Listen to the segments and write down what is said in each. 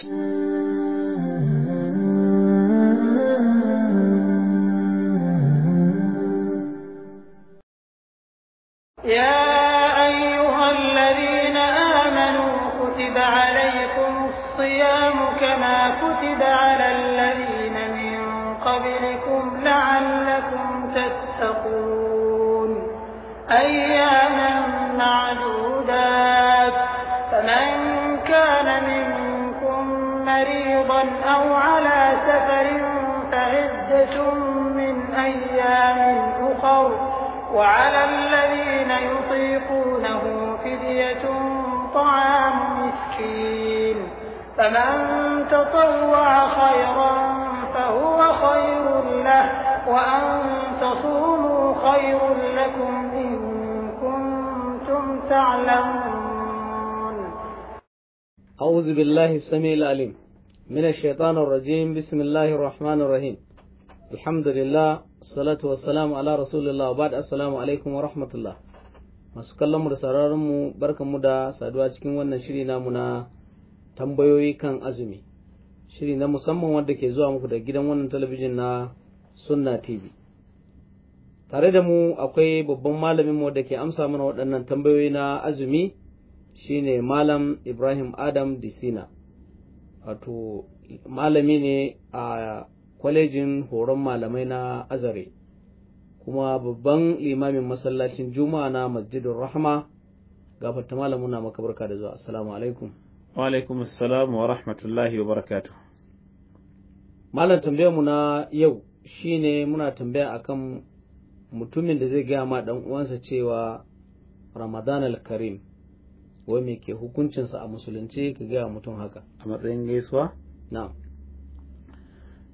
Christ. تعلمون أعوذ بالله السميع العليم من الشيطان الرجيم بسم الله الرحمن الرحيم الحمد لله الصلاة والسلام على رسول الله وبعد السلام عليكم ورحمة الله masu kallon mu da sauraron mu barkan mu da saduwa cikin wannan shiri namu na tambayoyi kan azumi shiri na musamman wanda ke zuwa muku da gidan wannan talabijin na sunna tv tare da mu akwai babban malamin mu da ke amsa mana waɗannan tambayoyi na azumi shine malam ibrahim adam disina wato malami ne a kwalejin horon malamai na azare kuma babban limamin masallacin juma'a na masjidun rahama gafarta malamu na makabarka da zuwa assalamu alaikum wa alaikum assalam wa rahmatullahi wa barakatuh malam tambayar mu na yau shine muna tambaya akan mutumin da zai gaya ma ɗan uwansa cewa ramadan al-karim wai me ke hukuncinsa a musulunci ka gaya mutum haka a matsayin gaisuwa na'am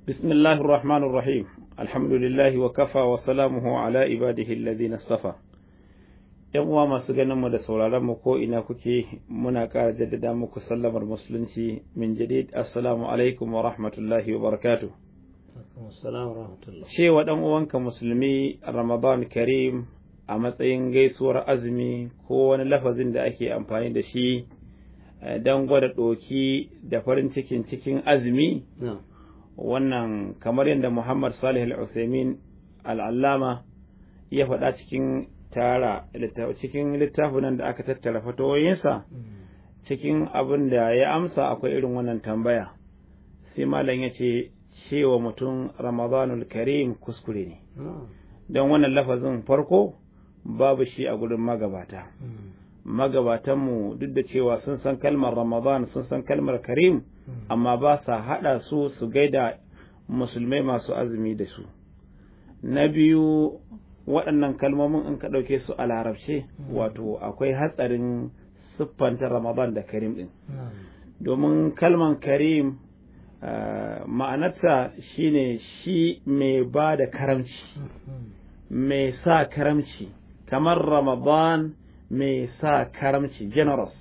bismillahir rahmanir rahim alhamdulillahi wa kafa wa salamuhu ala ibadihi alladhina istafa yan uwa masu ganin mu da sauraron mu ko ina kuke muna ƙara jaddada muku sallamar musulunci min jadid assalamu alaikum wa rahmatullahi wa barakatuh Cewa ɗan uwanka musulmi a Ramadan Karim a matsayin gaisuwar azumi ko wani lafazin da ake amfani da shi eh, don gwada ɗoki da farin cikin cikin azumi wannan kamar yadda Muhammad Salih al-Usaimin al'allama ya faɗa cikin tara cikin littafin da aka tattara fatoyinsa mm. cikin abin da ya amsa akwai irin wannan tambaya sai malam ya ce cewa mutum ramadanul karim kuskure ne don wannan lafazin farko babu shi a gurin magabata mm. magabatanmu duk da cewa sun san kalmar ramadan sun san kalmar karim mm. amma ba sa haɗa su su gaida musulmai masu azumi da su na biyu waɗannan kalmomin in ka ɗauke su a larabce mm. wato akwai hatsarin siffanta ramadan da karim ɗin domin kalman karim ma'anarsa shine shi mai ba da karamci mai sa karamci kamar ramadan mai sa karamci generous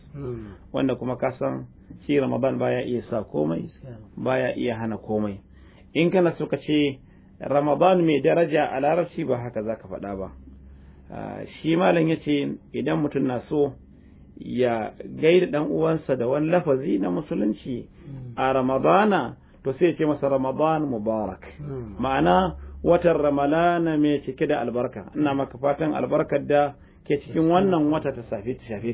wanda kuma kasan shi ramadan baya iya sa komai baya iya hana komai in kana so ka ce ramadan mai daraja a larabci ba haka za ka faɗa ba ah, shi malam ya ce idan mutum na so ya gaida dan uwansa da wani lafazi na musulunci hmm. a ramadana to sai ya ce masa ramadan mubarak hmm. ma'ana watan ramadana mai cike da albarka ina maka fatan albarkar da ke cikin wannan wata ta safi ta Ya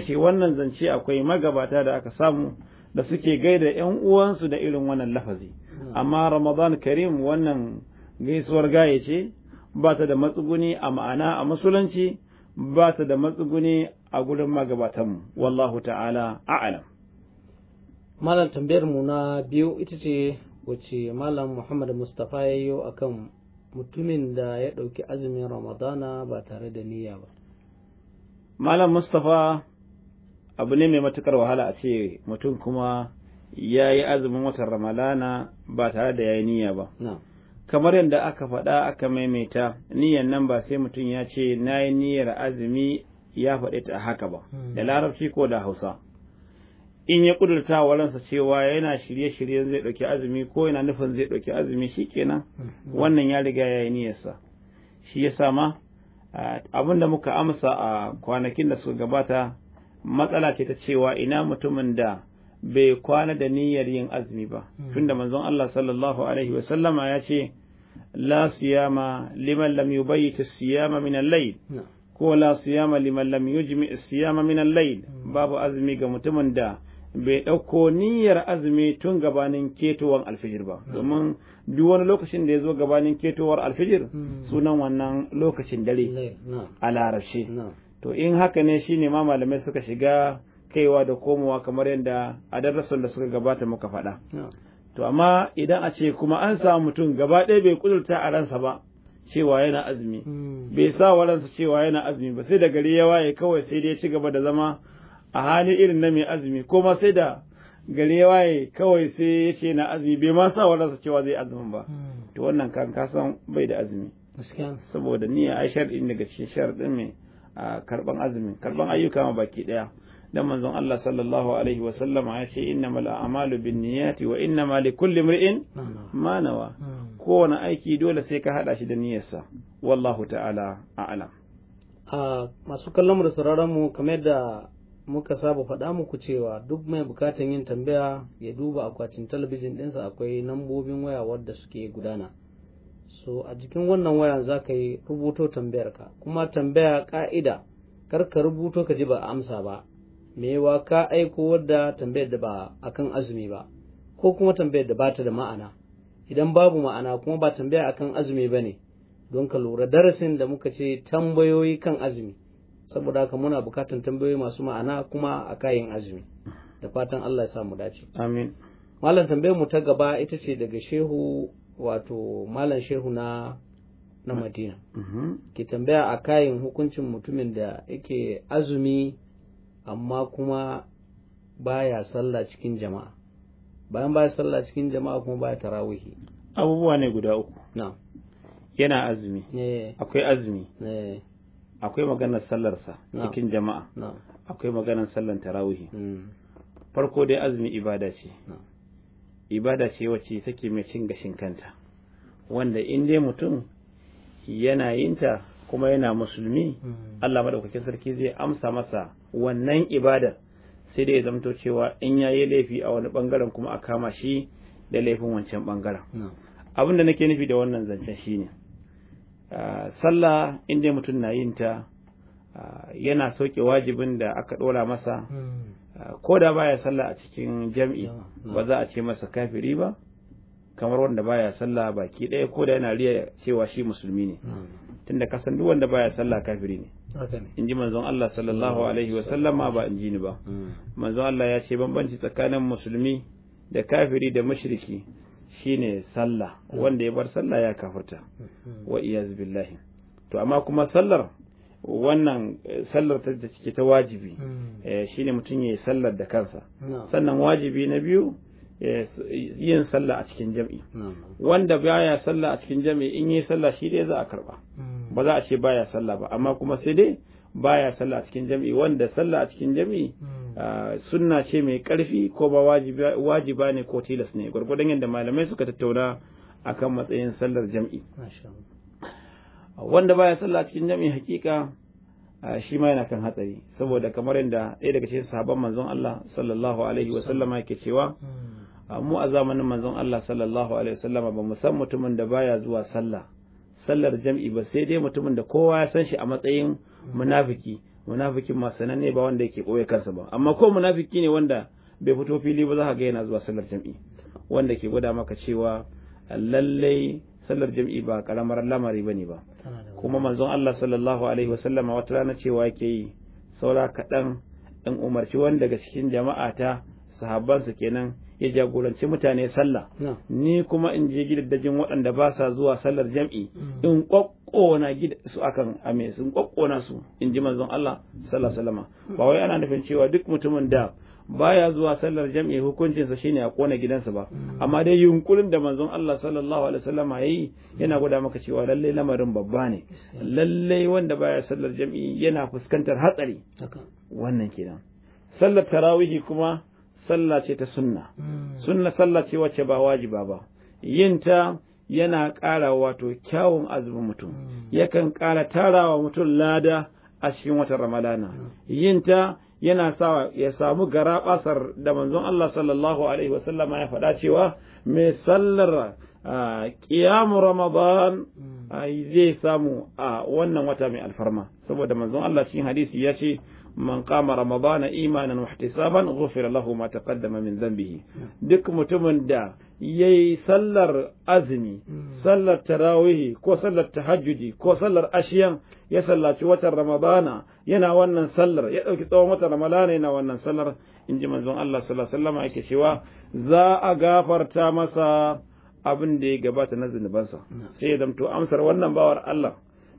ka ce wannan zance akwai magabata da aka samu da suke gaida yan uwansu da irin wannan lafazi amma ramadan karim wannan gaisuwar gaya ce ba ta da matsuguni a ma'ana a musulunci ba ta da matsuguni a gurin magabatanmu wallahu ta'ala a'lam malam tambayar mu na biyu ita ce wace malam muhammad mustapha ya yi a kan mutumin da ya ɗauki azumin ramadana ba tare da niyya ba malam mustapha abu ne mai matukar wahala a ce mutum kuma ya yi azumin watan ramadana ba tare da ya yi niyya ba kamar yadda aka faɗa aka maimaita niyyan nan ba sai mutum ya ce na yi niyyar azumi ya faɗe ta haka ba hmm. da larabci ko da hausa in ya kudurta wa cewa yana shirye-shiryen zai ɗauki azumi ko yana nufin zai ɗauki azumi shi kenan. Hmm. wannan ya riga ya yi niyyarsa shi yasa ma abin da muka amsa a kwanakin da suka gabata matsala ce ta cewa ina mutumin da bai kwana da niyyar yin azumi ba hmm. tunda manzon Allah sallallahu alaihi wa sallama ya ce la siyama liman lam yubayyit as-siyama min al-layl ko la siyama liman lam yujmi siyama min al-layl mm. babu azumi ga mutumin da bai dauko niyyar azumi tun gabanin ketowar alfijir ba mm. domin duk wani lokacin da ya zo gabanin ketowar alfijir mm. sunan wannan lokacin dare a larabci to in haka ne shine ma malamai suka shiga kaiwa da komowa kamar yadda a darasin da suka gabata muka faɗa to amma idan a ce kuma an samu mutum gaba ɗaya bai kudurta a ransa ba cewa yana azumi hmm. bai sa waransa cewa yana azumi ba sai da gari ya waye kawai sai dai ci gaba da zama a hali irin na mai azumi ko ma sai da gari ya waye kawai sai ya ce na azumi bai ma sa waransa cewa zai azumi ba hmm. to wannan kan kasan bai da azumi saboda niyya ai ɗin daga cikin ɗin mai karban azumi karban ayyuka ma baki ɗaya. dan manzon Allah sallallahu alaihi wa sallama ya ce innamal a'malu binniyati wa innama likulli imrin ma nawa hmm. kowane aiki dole sai ka hada shi da niyyarsa wallahu ta'ala a'lam a masu kallon mu da sauraron mu kamar da muka saba faɗa muku cewa duk mai bukatan yin tambaya ya duba akwatin talabijin ɗinsa akwai nambobin waya wadda suke gudana so a jikin wannan wayan za ka yi rubuto tambayarka kuma tambaya ka'ida kar ka rubuto ka ji ba amsa ba me wa ka aiko wadda tambayar da ba akan azumi ba ko kuma tambayar da ba ta da ma'ana idan babu ma'ana kuma ba tambaya akan azumi ba ne don ka lura darasin da muka ce tambayoyi kan azumi saboda haka muna bukatan tambayoyi masu ma'ana kuma a kayan azumi da fatan Allah ya samu dace amin malam tambayar mu ta gaba ita ce daga shehu wato malam shehu na na Madina mm-hmm. ki tambaya a kayan hukuncin mutumin da yake azumi amma kuma baya sallah cikin jama'a bayan baya sallah cikin jama'a kuma baya tarawihi abubuwa ne guda uku na'am yana azumi eh. akwai azumi eh. akwai maganar sallarsa cikin jama'a akwai maganar sallar tarawihi hmm. farko dai azumi ibada ce ibada ce wacce take mai cin gashin kanta wanda in dai mutum yana yinta kuma yana musulmi hmm. Allah madaukakin sarki zai amsa masa wannan ibadar sai dai ya zamto cewa in ya yi laifi a wani bangaren kuma a kama shi da laifin wancan bangaren abin da nake nufi da wannan zancen ne. sallah in dai mutum na yin ta yana sauke wajibin da aka dora masa hmm. ko da baya sallah a cikin jam'i ba za a ce masa kafiri ba kamar wanda baya sallah baki ɗaya ko da yana riya cewa shi musulmi ne tunda ka san duk wanda baya sallah kafiri ne in ji manzon Allah sallallahu alaihi wa sallama ba in ji ni ba hmm. manzon Allah ya ce bambanci tsakanin musulmi da kafiri da mushriki shine sallah hmm. wanda ya bar sallah ya kafirta hmm. wa iyaz billahi to amma kuma sallar wannan eh, sallar ta cike ta wajibi eh, shine mutum ya yi sallar da kansa sannan wajibi na biyu yin sallah a cikin jam'i wanda baya sallah a cikin jam'i in yi sallah shi dai za a karba hmm. ba za a ce baya sallah ba amma kuma sai dai baya sallah a cikin jam'i wanda sallah a cikin jam'i hmm. sunna ce mai karfi ko ba wajiba ne ko tilas ne gwargwadon yadda malamai suka tattauna akan matsayin sallar jam'i wanda baya sallah a cikin jam'i hakika shi ma yana kan hatsari saboda kamar yadda ɗaya daga cikin sahabban manzon Allah sallallahu alaihi wa sallama yake cewa hmm. mu a zamanin manzon Allah sallallahu alaihi wasallam ba mu san mutumin da baya zuwa sallah sallar jam'i ba sai dai mutumin da kowa ya san shi a matsayin munafiki munafikin ma sananne ba wanda yake koye kansa ba amma ko munafiki ne wanda bai fito fili ba za ka ga yana zuwa sallar jam'i wanda ke gwada maka cewa lallai sallar jam'i ba karamar lamari bane ba kuma manzon Allah sallallahu alaihi wasallam wata rana cewa yake yi saura kaɗan in umarci wanda daga cikin jama'a ta sahabbansa kenan ya jagoranci mutane sallah ni kuma in je gidaddajin waɗanda ba sa zuwa sallar jam'i mm. in kwakkona su akan ame sun kwakkona su in ji manzon Allah sallallahu Salama ba wai ana nufin cewa duk mutumin da baya zuwa sallar jam'i hukuncinsa shine a kona gidansa ba mm. amma dai yunkurin da manzon Allah sallallahu alaihi wasallam yayi yana gwada maka cewa lallai lamarin babba ne lallai wanda baya sallar jam'i yana fuskantar hatsari wannan kenan sallar tarawihi kuma sallah ce ta sunna hmm. sunna sallah ce wacce ba wajiba ba yin ta yana ƙara wato kyawun azumin mutum hmm. yakan ƙara tarawa mutum lada a cikin wata ramadana hmm. yin ta yana sa ya samu garaɓasar da manzon Allah sallallahu alaihi wasallama ya faɗa cewa mai sallar ƙiyamu ramadan zai samu a wannan wata mai alfarma saboda manzon Allah cikin hadisi ya ce man qama ramadana imanan wahtisaban ghufira lahu ma taqaddama min dhanbihi duk mutumin da yayi sallar azumi hmm. sallar tarawih ko sallar tahajjudi ko sallar ashiyan ya sallaci watan ramadana yana wannan sallar ya dauki tsawon watan ramadana yana wannan sallar inji manzon Allah sallallahu alaihi wasallam yake cewa za a gafarta masa abin da ya gabata na zunubansa hmm. sai ya zamto amsar wannan bawar Allah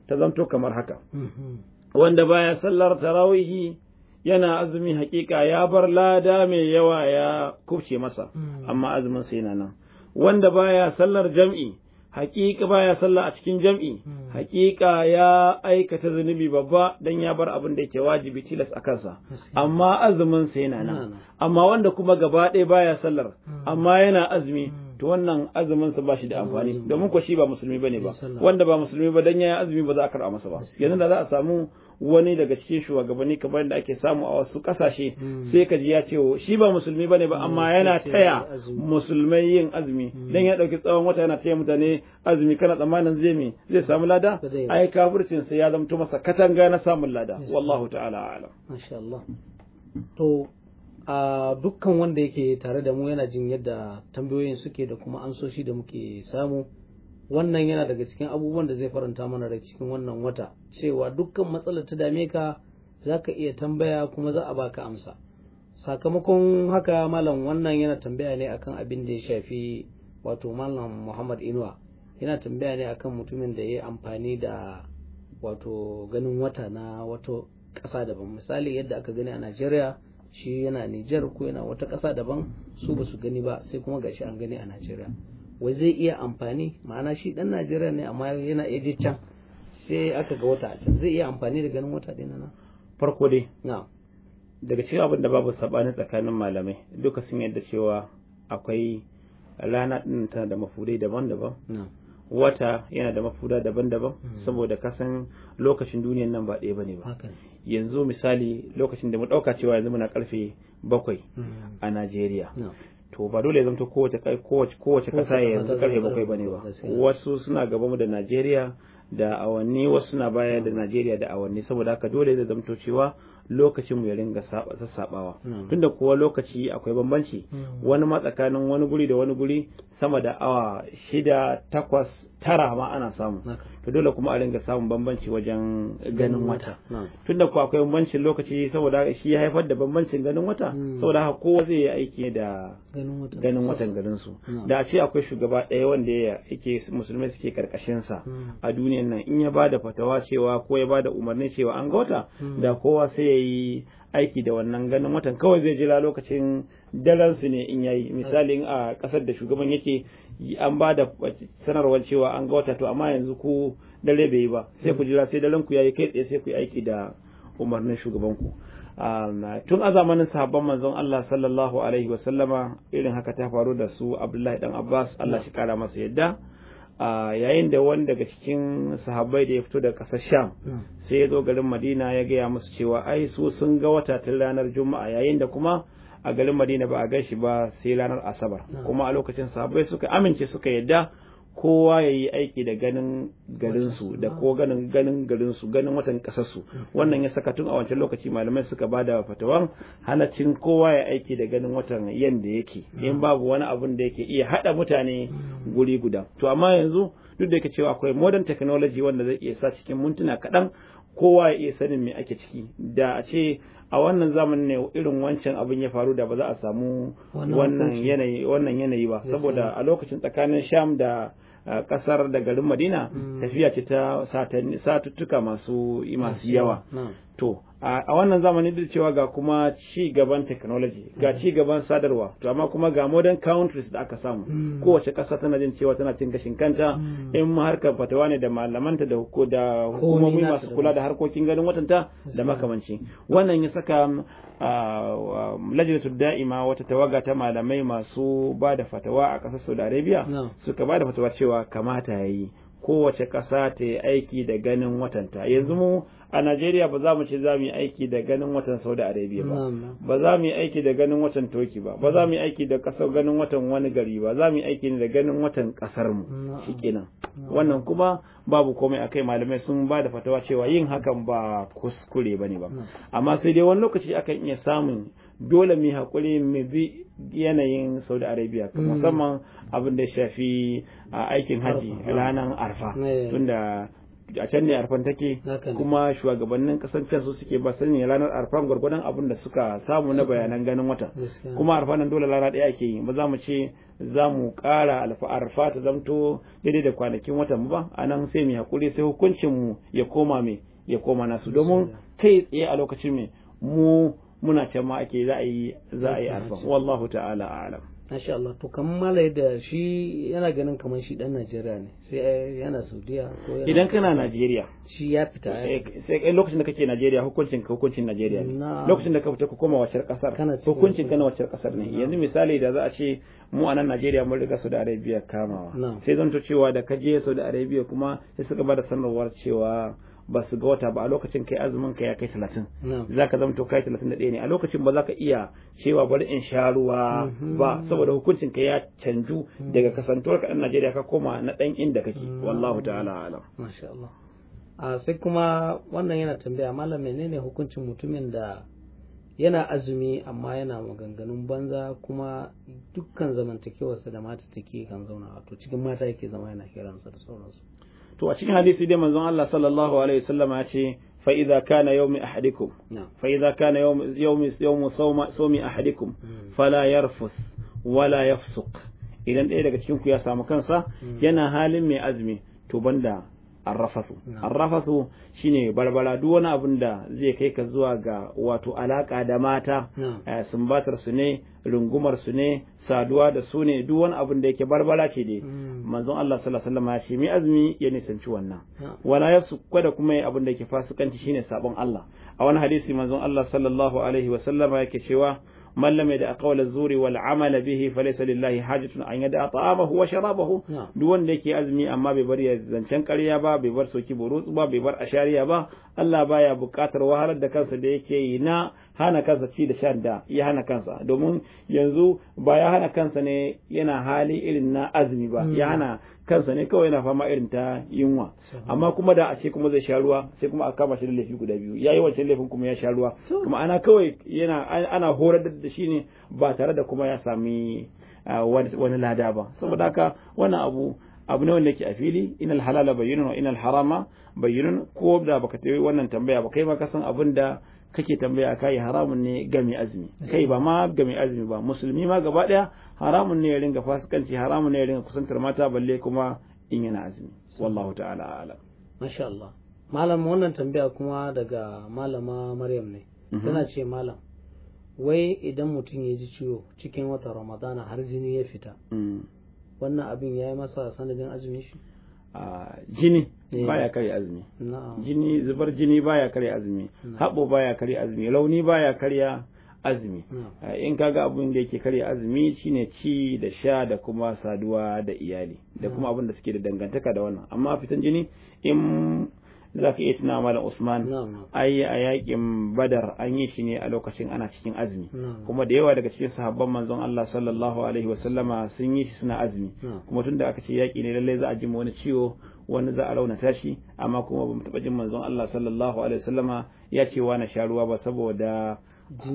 ta zamto kamar haka hmm, wanda baya sallar tarawihi yana azumi hakika ya bar lada mai yawa ya kubce masa hmm. amma azumin sai nan wanda baya sallar jam'i hakika baya sallah a cikin jam'i hmm. hakika ya aikata zunubi babba dan ya bar abin da yake wajibi tilas a kansa amma azumin sai na nan amma wanda kuma gaba ɗaya baya sallar hmm. amma yana azumi to wannan azumin sa bashi da amfani domin ko shi ba musulmi bane ba wanda ba musulmi ba dan yayi azumi ba za a karɓa masa ba yanzu da za a samu wani daga cikin shugabanni kamar da ake samu a wasu kasashe hmm. sai ka ji ya ce oh, shi ba musulmi bane ba amma hmm, yana taya musulmai yin azumi hmm. dan ya dauki tsawon wata yana taya mutane azumi kana tsammanin zai me zai samu lada ai kafircin sai ya zamto masa katanga na samun lada wallahu ta'ala alam masha Allah to a dukkan wanda yake tare da mu yana jin yadda tambayoyin suke da kuma amsoshi da muke samu wannan yana daga cikin abubuwan da zai faranta mana rai cikin wannan wata cewa dukkan matsalar ta dame ka za ka iya tambaya kuma za a baka amsa sakamakon haka malam wannan yana tambaya ne akan abin da ya shafi wato malam muhammad inuwa yana tambaya ne akan mutumin da ya yi amfani da wato ganin wata na wato ƙasa daban misali yadda aka gani a najeriya shi yana nijar ko yana wata kasa daban su ba su gani ba sai kuma gashi an gani a najeriya wai zai iya amfani ma'ana shi dan najeriya ne amma yana iya can sai aka ga wata can zai iya amfani da ganin wata ɗin nan farko dai daga cikin abin da babu saɓani tsakanin malamai duka sun yadda cewa akwai rana din tana da mafudai daban-daban wata yana da mafuda daban-daban hmm. saboda kasan lokacin duniyan nan ba ɗaya bane ba yanzu misali lokacin da mu ɗauka cewa yanzu muna karfe bakwai hmm. a najeriya to ba dole ya zamto kowace kowace kasa ya yanzu karfe bakwai bane ba wasu suna gaba mu da Najeriya da awanni wasu suna baya da Najeriya da awanni saboda haka dole ya zanto cewa lokacin mu ya ringa sassabawa hmm. tunda kuwa lokaci akwai bambanci hmm. wani ma tsakanin wani guri da wani guri sama da awa shida takwas tara ma ana samu to dole kuma a ringa samun bambanci wajen ganin wata tunda ko akwai bambancin lokaci saboda shi ya haifar da bambancin ganin wata hmm. saboda haka kowa zai yi aiki da ganin watan garin su da a ce akwai shugaba ɗaya wanda ya yake musulmai suke karkashin sa hmm. a duniyar nan in ya bada fatawa cewa ko ya bada umarni cewa an ga wata hmm. da kowa sai ya yi aiki da wannan ganin watan kawai zai jira lokacin daren ne in yayi misali a kasar da shugaban yake an ba da sanarwar cewa an ga wata to amma yanzu ku dare bai yi ba sai ku jira sai daren ku yayi kai tsaye sai ku yi aiki da umarnin shugaban ku tun a zamanin sahabban manzon Allah sallallahu alaihi wa sallama irin haka ta faru da su Abdullahi dan Abbas Allah shi kara masa yadda yayin da wani daga cikin sahabbai da ya fito da ƙasar sham hmm. sai ya zo garin madina ya gaya musu cewa ai su sun ga wata tun ranar juma'a yayin da kuma a garin madina ba a gan shi ba sai ranar asabar hmm. kuma a lokacin sahabbai suka amince suka yadda kowa ya yi aiki da ganin garinsu da hmm. ko ganin ganin garinsu ganin watan kasarsu wannan ya saka tun a wancan lokaci malamai suka ba da fatawan cin kowa ya aiki da ganin watan yanda yake in babu wani abun da yake iya haɗa mutane guri guda to amma yanzu duk da yake cewa akwai modern technology wanda zai iya sa cikin mintuna kaɗan kowa ya iya sanin me ake ciki da a ce a wannan zamanin ne irin wancan abin ya faru da ba za a samu wannan yanayi ba saboda a lokacin tsakanin sham da kasar da garin madina mm. tafiya ce ta satuttuka masu masu yawa to a wannan zamani da cewa ga kuma ci gaban technology ga ci gaban sadarwa to amma kuma ga modern countries da aka samu hmm. kowace kasa tana jin cewa tana cin gashin kanta hmm. in harkar fatawa ne da malamanta da hukumomi masu kula da harkokin ganin watanta da makamanci wannan ya saka um, um, lajinatul da'ima wata tawaga ta malamai masu ba da fatawa a ƙasar Saudi Arabia suka ba da fatawa cewa kamata ya yayi kowace ƙasa ta yi aiki da ganin watanta yanzu mu a Najeriya ba za mu ce za mu yi aiki da ganin watan Saudi Arabia ba ba za mu yi aiki da ganin watan Turkey ba ba za mu yi aiki da kasar ganin watan wani gari ba za mu yi aiki da ganin watan kasar mu kenan wannan kuma babu komai akai malamai sun ba da fatawa cewa yin hakan ba kuskure bane ba amma sai dai wani lokaci akan iya samun dole mu hakuri mu bi yanayin saudi arabia mm. musamman abin da shafi aikin haji ranar arfa eh. tunda a can ne arfan take kuma shugabannin kasan can su suke ba sani ranar arfan gwargwadon abin da suka samu na bayanan ganin wata kuma arfan dole rana ɗaya ake yi ba za mu ce za mu ƙara arfa ta zamto daidai da kwanakin watan ba a nan sai mu haƙuri sai hukuncin mu ya koma mai ya koma nasu domin kai tsaye a lokacin mu muna can ake za a yi za arfa wallahu ta'ala a'lam masha Allah to kammala malai da shi yana ganin kamar shi dan Najeriya ne sai yana Saudiya ko idan kana Najeriya shi ya fita eh, sai lokacin da kake Najeriya hukuncin ka hukuncin Najeriya ne lokacin da ka fita ka koma wacar kasar hukuncin ka na wacar kasar ne yanzu misali da za a ce mu a nan Najeriya mun riga Saudi Arabia kamawa sai zanto cewa da ka je Saudi Arabia kuma sai suka bada sanarwar cewa ba su ga wata ba a lokacin kai azumin ka ya kai talatin za ka to kai talatin da ɗaya ne a lokacin ba za ka iya cewa bari in sha ruwa mhm. ba saboda hukuncin ka ya canju mhm. daga kasantuwar ka ɗan Najeriya ka koma na ɗan inda kake mhm. wallahu ta'ala alam a sai kuma wannan yana tambaya malam menene hukuncin mutumin da yana azumi amma yana maganganun banza kuma dukkan zamantakewarsa da mata take kan zauna wato cikin mata yake zama yana kiransa da sauransu to a cikin hadisi dai manzon Allah sallallahu alaihi wasallam ya ce fa idza kana yawmi ahadikum fa idza kana yawmi yawmi yawmu sawma sawmi ahadikum hmm. fala yarfus wala yafsuq idan ɗaya daga cikin ku ya samu kansa hmm. yana halin mai azumi to banda arrafasu arrafasu shine barbara duk wani abin da zai kai ka zuwa ga wato alaka da mata eh, sumbatar su ne rungumar su ne saduwa da su ne duk wani abin da yake barbara ce dai hmm. manzon Allah sallallahu alaihi wasallam ya mi azumi ya nisanci wannan wala yasu kada kuma yi abin da yake fasikanci shine sabon Allah a wani hadisi manzon Allah sallallahu alaihi wasallam yake cewa من لم يدع قول الزور والعمل به فليس لله حاجة أن يدع طعامه وشرابه دون ديكي أزمي أما ببر زنشان قريا با ببر سوكي بروز با ببر أشاريا با الله بايا بكاتر وهرد دكان سديكي نا hana kansa ci da shan da ya hana kansa domin yanzu ba ya hana kansa ne yana hali irin na azumi ba ya hmm. hana kansa ne kawai yana fama irin ta yunwa amma kuma da a ce kuma zai sha ruwa sai kuma a kama shi da laifi guda biyu ya yi wancan laifin kuma ya sha ruwa kuma ana kawai yana ana horar da shi ne ba tare da kuma ya sami wani lada ba saboda haka wannan abu abu ne wanda yake a fili ina alhalala bayyana ina alharama bayyana ko da baka tayi wannan tambaya ba kai ma kasan abin da kake tambaya kai haramun ne ga mai azumi kai ba ma ga mai azumi ba musulmi ma gaba daya haramun ne ya ringa fasikanci haramun ne ya ringa kusantar mata balle kuma in yana azumi wallahu ta'ala ala masha Allah malam wannan tambaya kuma daga malama Maryam ne mhm. tana ce malam wai idan mutum ya ji ciwo cikin watan ramadana har jini ya fita mm. wannan abin ya yi masa sanadin azumi shi ah, jini Eh. baya karya azumi jini zubar jini baya karya azumi haɓo baya karya azumi launi baya karya azumi ah, in kaga abin da yake karya azumi shine ci da sha da kuma saduwa da iyali da kuma abin da suke da dangantaka da wannan amma fitan jini in za ka iya tuna malam Usman ai a yakin Badar an yi shi ne a lokacin ana cikin azumi kuma da yawa daga cikin sahabban manzon Allah sallallahu alaihi Wasallama sun yi shi suna azumi kuma tunda aka ce yaki ne lallai za a ji wani ciwo wani za a raunata shi amma kuma ba mu taɓa jin manzon Allah sallallahu alaihi wasallama ya ce wa na sha ruwa ba saboda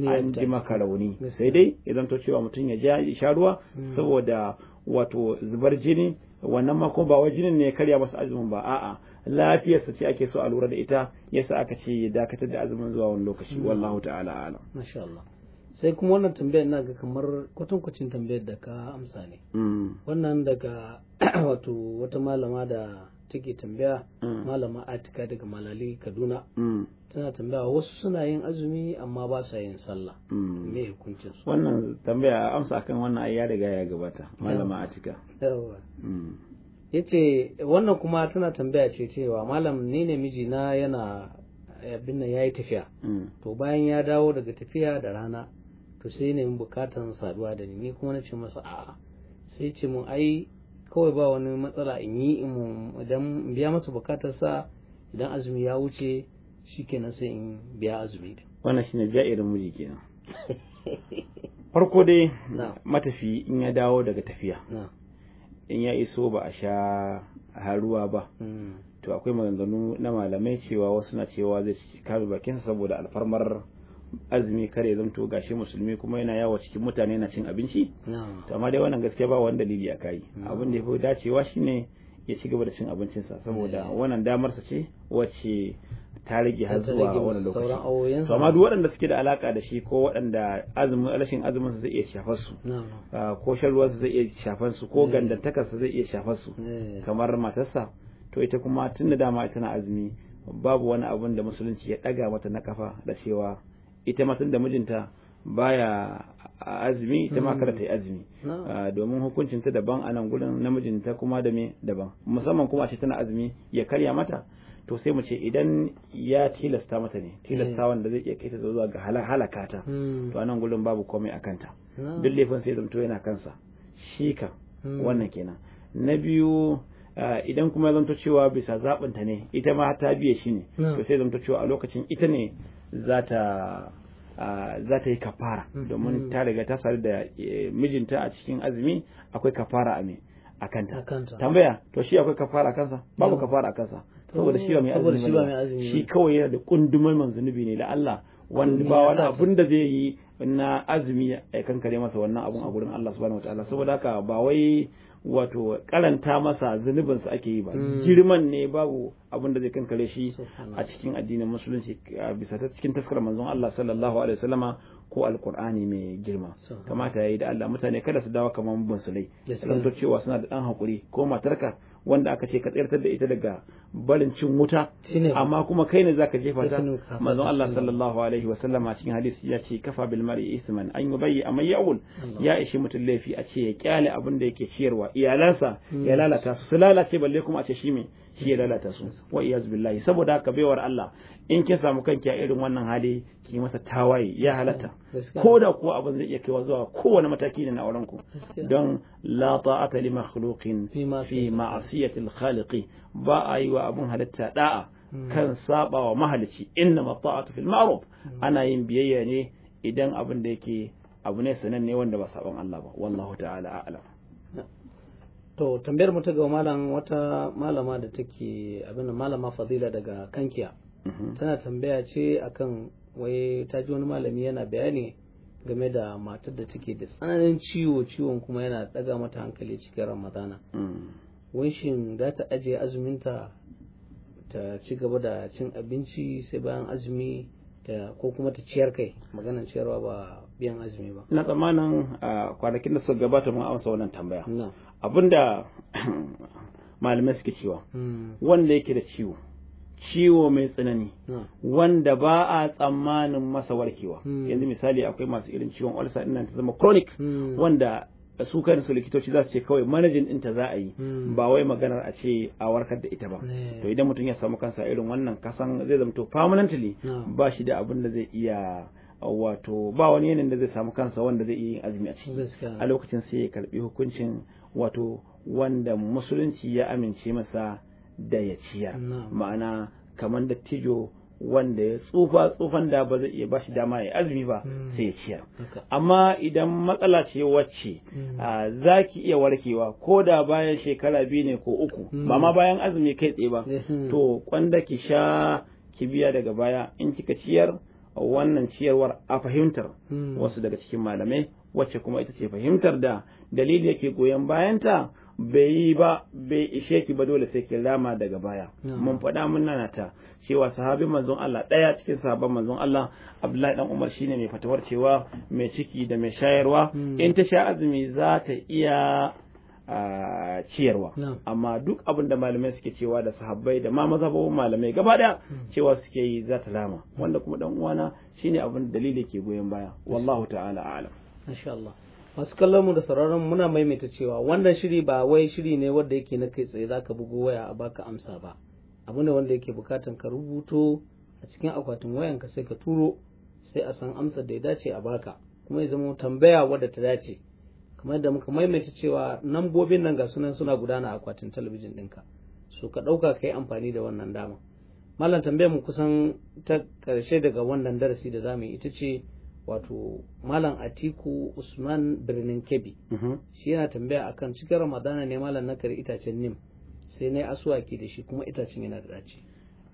an ji maka rauni sai dai idan to cewa mutum ya sha ruwa hmm. saboda wato zubar jini wannan ma kuma ba wa jinin ne ya karya masa azumin ba a'a lafiyarsa ce ake so a lura da ita yasa aka ce ya dakatar da azumin zuwa wani lokaci hmm. wallahu ta'ala alam masha Allah sai kuma wannan tambayar na ga kamar kwatankwacin tambayar da ka amsa ne hmm. wannan daga wato wata malama da take tambaya mm. malama atika daga malali kaduna mm. tana tambaya wasu suna yin azumi amma ba sa yin sallah mm. me hukuncin su wannan tambaya amsa kan wannan ya riga ya gabata malama atika yace wannan kuma tana tambaya ce cewa malam ni ne na yana abin nan yayi tafiya to bayan ya dawo daga tafiya da rana to sai ne bukatan saduwa da ni kuma na ce masa a'a sai ce mun ai kawai ba wani matsala in yi idan biya masa bukatar sa idan azumi ya wuce ke sai in biya azumi wannan biya jairin miji kenan farko dai matafi in ya dawo daga tafiya in ya iso ba a sha haruwa ba hmm. to akwai maganganu na malamai cewa wasu na cewa zai kame bakinsa saboda alfarmar azumi kare to gashi musulmi kuma yana yawo cikin mutane yana cin abinci to amma dai wannan gaskiya ba wani dalili a kai abin da ya fi dacewa shine ya ci gaba da cin sa saboda eh. wannan damar sa ce wacce ta rage har zuwa wani lokaci to amma duk waɗanda suke da alaka da shi ko waɗanda azumin rashin azumin su zai iya shafar su ah, ko shan ruwan zai iya shafar su ko eh. gandantakar su zai iya shafar su eh. kamar matarsa to ita kuma tun da dama tana azumi babu wani abun da musulunci ya daga mata na kafa da cewa ita ma da mijinta baya azumi ita ma kada ta yi azumi hmm. ah, domin hukuncin ta daban a nan gurin namijin ta kuma da me daban musamman kuma a ce tana azumi ya karya mata to sai mu ce idan ya tilasta mata ne tilasta wanda zai iya kai ta zuwa ga halaka ta hmm. to anan gurin babu komai a kanta duk laifin sai zamto yana kansa shi kan hmm. wannan kenan na biyu ah, idan kuma ya zamto cewa bisa zaɓinta ne ita ma ta biye shi ne to sai zamto cewa a lokacin ita ne za ta za yi kafara mm, mm. domin ta riga ta sari da e, mijinta a cikin azumi akwai kafara a me a kanta tambaya to shi akwai kafara a kansa babu mm. kafara a kansa saboda shi ba mai azumi shi kawai yana da kundumar man zunubi ne da Allah wani ba wani abun da zai yi na azumi ya kankare masa wannan abun a gurin Allah subhanahu wataala saboda haka ba wai wato karanta masa zunubin su ake yi ba hmm. girman ne babu abin da zai kankare shi a cikin addinin musulunci bisa ta cikin taskar manzon Allah sallallahu alaihi wasallama ko alqur'ani mai girma kamata yayi da Allah mutane kada su dawo kamar bunsulai sai cewa suna da dan hakuri ko matarka wanda aka ce ka tsirtar da ita daga barin cin wuta amma kuma kai ne zaka jefa ta manzon Allah sallallahu alaihi wa sallama cikin hadisi ya ce kafa bil mar'i isman an yubayyi amma ya'ul ya ishi mutum laifi a ce ya kyale abin da yake ciyarwa iyalansa ya hmm. lalata su su lalace balle kuma a ce shi me shi ya lalata su wa iyaz billahi saboda haka baiwar Allah in kin samu kanki a irin wannan hali ki masa tawaye ya halatta ko da kuwa abin zai iya kaiwa zuwa kowane mataki ne na auren ku don la ta'ata li makhluqin fi ma'siyati al-khaliqi ba a yi wa abin halitta da'a hmm. kan saɓawa mahalici inna ta'atu fil ma'ruf hmm. ana yin biyayya ne idan abin da yake abu ne sananne wanda ba saban Allah ba wallahu ta'ala a'lam to tambayar mu ta ga malam wata malama da take abin malama fadila daga kankiya mm-hmm. tana tambaya ce akan wai ta ji wani malami yana bayani game da matar da take da tsananin ciwo ciwon kuma yana daga mata hankali cikin ramadana mm. wai shin za ta ajiye azuminta ta ci gaba da cin abinci sai bayan azumi ko kuma ta ciyar kai magana ciyarwa ba biyan azumi ba na tsamanin kwanakin da suka gabata mun amsa wannan tambaya da malamai suke cewa hmm. wanda yake da ciwo ciwo mai tsanani hmm. wanda ba a tsammanin masa warkewa hmm. yanzu misali akwai masu irin ciwon ulcer ɗin ta zama chronic wanda su su likitoci za su ce kawai manajin ɗinta za a yi ba wai maganar a ce a warkar da ita ba eh. to idan mutum ya samu kansa irin wannan kasan zai zama to permanently ba shi da abin da zai iya wato ba wani yanayin da zai samu kansa wanda zai yi azumi a ciki a lokacin sai ya karbi hukuncin wato wanda musulunci ya amince masa da ya ciyar ma'ana kamar dattijo wanda ya tsufa tsufan da ba zai iya bashi dama ya azumi ba hmm. sai ya ciyar amma idan matsala ce wacce hmm. za ki iya warkewa ko da bayan shekara biyu ne ko uku hmm. ba ma bayan azumi kai tsaye ba eh, to kwanda ki sha ki biya daga baya in kika ciyar wannan ciyarwar a fahimtar hmm. wasu daga cikin malamai wacce kuma ita ce fahimtar da dalili yake goyon bayanta bai yi ba bai ishe ki ba dole sai ki rama daga baya hmm. mun faɗa mun nana ta cewa sahabin manzon Allah ɗaya cikin sahabban manzon Allah Abdullahi dan Umar shine mai fatawar cewa mai ciki da mai shayarwa hmm. in ta sha azumi za ta iya ciyarwa amma duk abin da malamai suke cewa da sahabbai da ma mazhabin malamai gaba daya hmm. cewa suke yi za ta lama wanda kuma dan uwana shine abin dalili ke goyon baya wallahu ta'ala a'lam insha Allah masu kallon mu da sauraron muna maimaita cewa wannan shiri ba wai shiri ne wanda yake na kai tsaye zaka bugo waya a baka amsa ba abu ne wanda yake bukatan ka rubuto a cikin akwatin wayan ka sai ka turo sai a san amsar da ya dace a baka kuma ya zama tambaya wadda ta dace kamar da muka maimaita cewa bobin nan ga sunan suna gudana a akwatin talabijin ɗinka su ka ɗauka ka yi amfani da wannan dama mallam tambayar mu kusan ta ƙarshe daga wannan darasi da zamu yi ita ce wato malam atiku usman birnin kebbi mm-hmm. shi yana tambaya akan cikin ramadana ne malam na kari itacen nim sai na yi asuwaki da shi kuma itacen yana da dace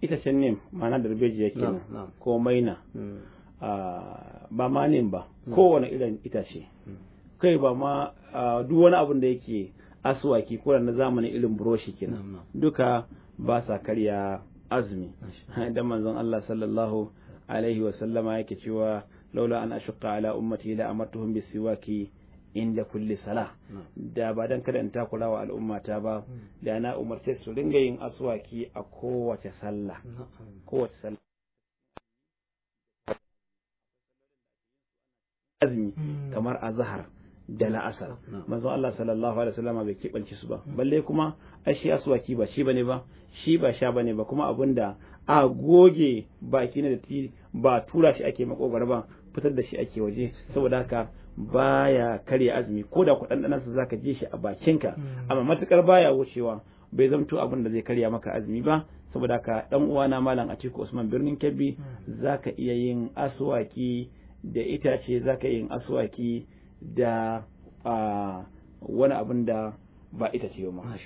itacen nim ma'ana darbejiya kenan ko maina mm. ah, ba ma nim ba kowane irin itace mm. kai ba ma duk wani abin da yake aswaki ko na zamani irin buroshi kenan duka ba sa karya azumi da manzon Allah sallallahu alaihi wa sallama yake cewa laula an ashqa ala ummati la amartuhum bisiwaki inda kulli sala da ba dan kada in takura wa al'ummata ba hmm. da na umarce su ringa yin aswaki a kowace sallah kowace sallah azumi hmm. kamar azhar da la'asar manzo Allah sallallahu alaihi wasallam bai kibalci su ba balle kuma ashe aswaki ba shi bane ba shi ba sha bane ba kuma abinda a goge baki na da ti ba tura shi ake makogwar ba fitar da shi ake waje saboda haka baya karya azumi ko da kuɗan sa zaka je shi a bakinka hmm. amma matukar baya wucewa bai zamto abin da zai karya maka azumi ba saboda haka ɗan uwana malam Atiku Usman Birnin Kebbi hmm. zaka iya yin aswaki da itace zaka ka yin aswaki da wani abin da ba ita ce ma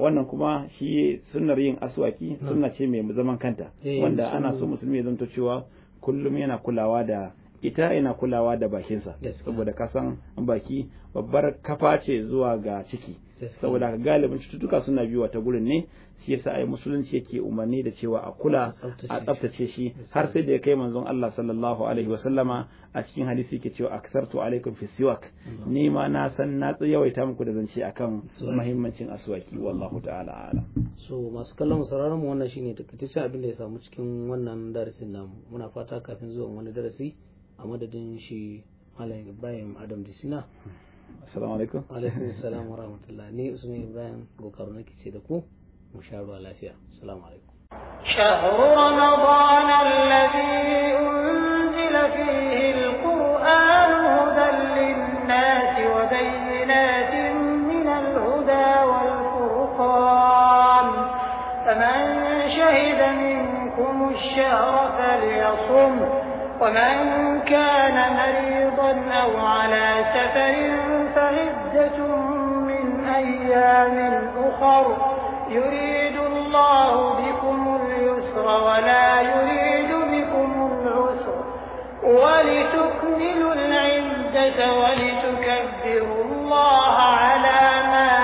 wannan kuma shi sunnar yin aswaki sunna ce mai zaman kanta eh, wanda ana so musulmi ya zanto cewa kullum yana kulawa da ita yana kulawa da bakinsa saboda kasan baki babbar kafa ce zuwa ga ciki saboda galibin cututtuka suna biyu ta gurin ne shi yasa ai musulunci yake umarni da cewa a kula a tsaftace shi har sai da ya kai manzon Allah sallallahu alaihi wasallama a cikin hadisi yake cewa aksartu alaikum fi siwak ni ma na san na yawaita muku da zance akan muhimmancin aswaki wallahu ta'ala ala so masu kallon sauraron mu wannan shine takaitaccen abin da ya samu cikin wannan darasin namu muna fata kafin zuwan wani darasi a madadin shi Malam Ibrahim Adam Disina السلام عليكم وعليكم السلام ورحمة الله ني اسمي إبراهيم قوكرنا كيسي دكو مشاهد والعافية السلام عليكم شهر رمضان الذي أنزل فيه القرآن هدى للناس وبينات من الهدى والفرقان فمن شهد منكم الشهر فليصم ومن كان مريضا أو على سفر عدة من أيام أخر يريد الله بكم اليسر ولا يريد بكم العسر ولتكملوا العدة ولتكبروا الله على ما